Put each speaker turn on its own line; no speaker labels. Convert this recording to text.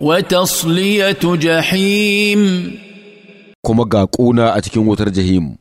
وتصلية جحيم
كما قاقونا أتكين وتر جهيم